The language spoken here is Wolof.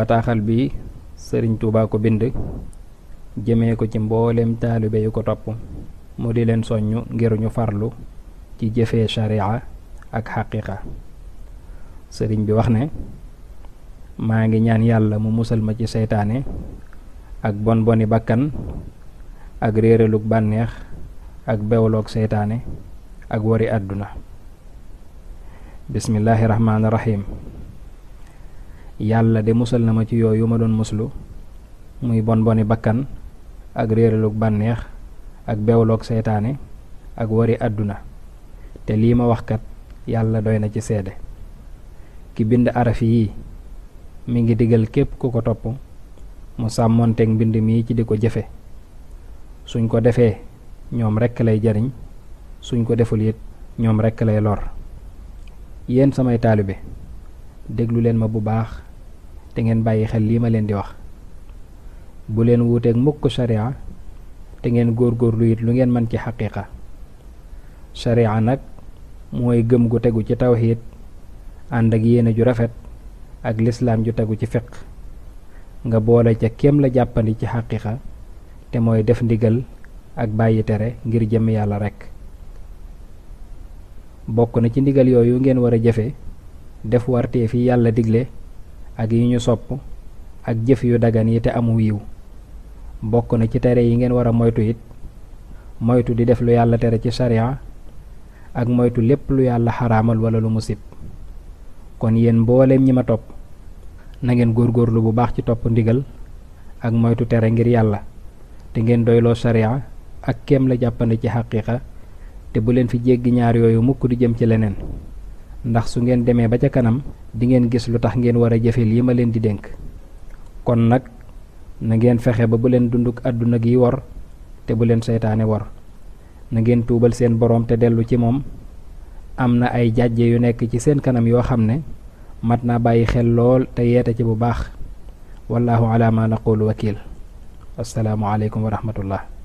bataxal bi serigne touba ko bind jeme ko ci mbollem taalibe yu ko top mo di len soñu ngir ñu farlu ci jëfee sharia ak haqiqa serigne bi wax ne ngi ñaan yalla mu musal ma ci setané ak bon boni bakkan ak réeralug banex ak bewlok setané ak wari aduna bismillahirrahmanirrahim Yalla de musal na ma ci yooyu ma doon muslu muy bon boni bakkan ak réeralug bànneex ak bewloog seytaane ak wari àdduna te lii ma wax kat yàlla doy na ci seede ki bind araf yi mi ngi digal képp ku ko topp mu sàmmonteeg mbind mii ci di ko jëfe suñ ko defee ñoom rekk lay jariñ suñ ko deful it ñoom rekk lay lor yéen samay taalibe déglu leen ma bu baax te ngeen bàyyi xel lii ma leen di wax bu leen wuuteeg mukk sharia te ngeen góor it lu ngeen mën ci xaqiqa sharia nag mooy gëm gu tegu ci tawxiid ànd ak yéene ju rafet ak lislaam ju tegu ci fiq nga boole ca kem la jàppandi ci xaqiqa te mooy def ndigal ak bàyyi tere ngir jëm yàlla rekk bokk na ci ndigal yooyu ngeen war a jëfe def wartee fi yàlla digle ak yi ñu sopp ak jëf yu dagan yi te amu yiw bokk na ci tere yi ngeen war a moytu it moytu di def lu yàlla tere ci sharia ak moytu lépp lu yàlla xaraamal wala lu musib kon yéen mbooleem ñi ma topp na ngeen góorgóorlu bu baax ci topp ndigal ak moytu tere ngir yàlla te ngeen doyloo sharia ak kem la jàppande ci xaqiiqa te bu leen fi jéggi ñaar yooyu mukk di jëm ci leneen ndax su ngeen demee ba ca kanam di ngeen gis lu tax ngeen war a jëfe lii ma leen di dénk kon nag na ngeen fexe ba bu leen dunduk àdduna gi wor te bu leen seytaane wor na ngeen tuubal seen borom te dellu ci moom am na ay yu nekk ci seen kanam yoo xam ne mat naa bàyyi xel lool te yeete ci bu baax wallahu ala ma naqulu wakil assalaamu alaykum wa rahmatullah